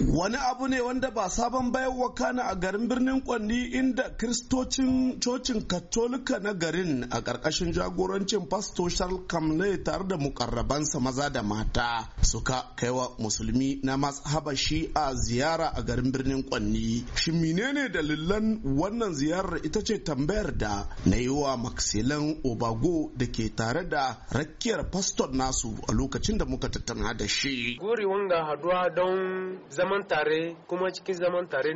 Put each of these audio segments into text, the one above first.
Wani abu ne wanda ba sabon bayan wakana a garin birnin Kwanni inda kristocin cocin katolika na garin a ƙarƙashin jagorancin Pasto Charles Kamle tare da mukarrabansa maza da mata suka kaiwa musulmi na habashi a ziyara a garin birnin Kwanni. Shin menene dalilan wannan ziyarar ita ce tambayar da na yi wa maksilan Obago da ke tare da rakiyar pastor nasu a lokacin da muka tattauna da shi. haduwa don zaman tare kuma cikin zaman tare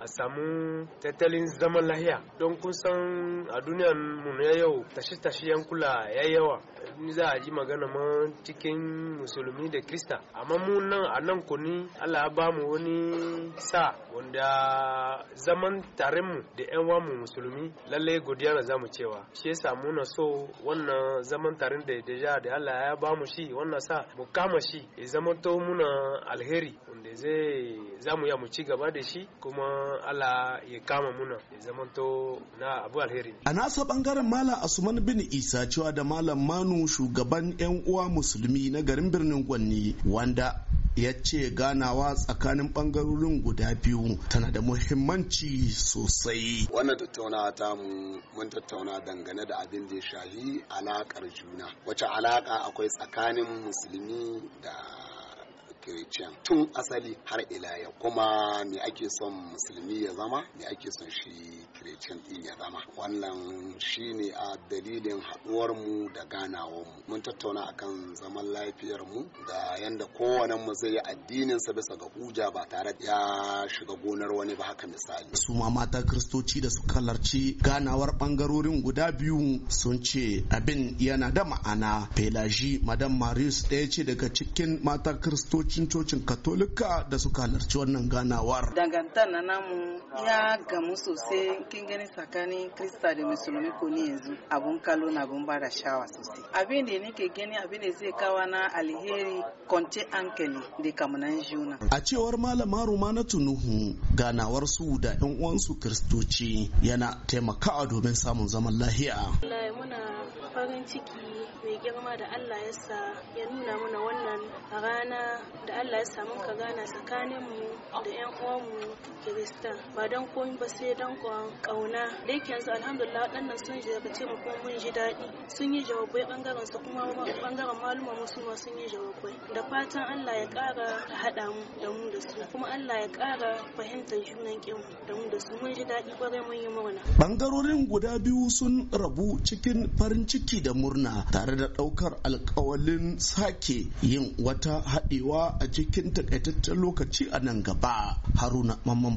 a samu tattalin zaman lahiya don kun san a duniyan mu ya yau tashi-tashi yankula ya yawa za a ji magana ma cikin musulmi da krista amma mu nan a nan kuni allah ba mu wani sa wanda zaman tare mu da yan mu musulmi lallai godiya na zamu cewa shi yasa na so wannan zaman tare da deja da allah ya ba mu shi wannan sa mu kama shi ya zama to muna alheri wanda zai za zamu ya mu ci gaba da shi kuma Allah ya kama muna ya to na abu alheri a nasa bangaren malam Asuman bin Isa cewa da malam Manu shugaban yan uwa musulmi na garin birnin Gwanni wanda ya ce ganawa tsakanin bangarorin guda biyu tana da muhimmanci sosai wannan tattauna ta mun tattauna dangane da abin da ya shafi alakar juna wace alaka akwai tsakanin musulmi da tun asali har ila yau kuma me ake son musulmi ya zama me ake son shi kirecin din ya zama wannan shine a dalilin haɗuwar mu da ganawar mu mun tattauna akan zaman lafiyar mu da yanda kowane mu zai yi addinin sa bisa ga huja ba tare da ya shiga gonar wani ba haka misali su ma mata kristoci da su kallarci ganawar bangarorin guda biyu sun ce abin yana da ma'ana pelagie madam maris ɗaya ce daga cikin mata kristocin cocin katolika da suka halarci wannan ganawar dangantar na namu ya gamu sosai kin gani tsakanin krista da musulmi ko ni yanzu abun kalo na abun bada shawa sosai abin da nake gani abin da zai kawo na alheri kwance ankeli da kamunan juna a cewar malama na tunuhu ganawar su da yan uwansu kiristoci yana taimakawa domin samun zaman lahiya farin ciki mai girma da Allah ya sa ya nuna mana wannan rana da Allah ya samu ka gana tsakaninmu da 'yan uwanmu kristan ba don komi ba sai don kauna da yake yanzu alhamdulillah waɗannan sun daga mu kuma mun ji daɗi sun yi jawabai ɓangaren su kuma ɓangaren maluma ma sun yi jawabai da fatan Allah ya ƙara haɗa mu da mu da su kuma Allah ya ƙara fahimtar junan kinmu da mu da su mun ji daɗi kwarai mun yi murna. Bangarorin guda biyu sun rabu cikin farin ciki da murna tare da ɗaukar alƙawalin sake yin wata haɗewa a cikin takaitaccen lokaci a nan gaba. Haruna Mamman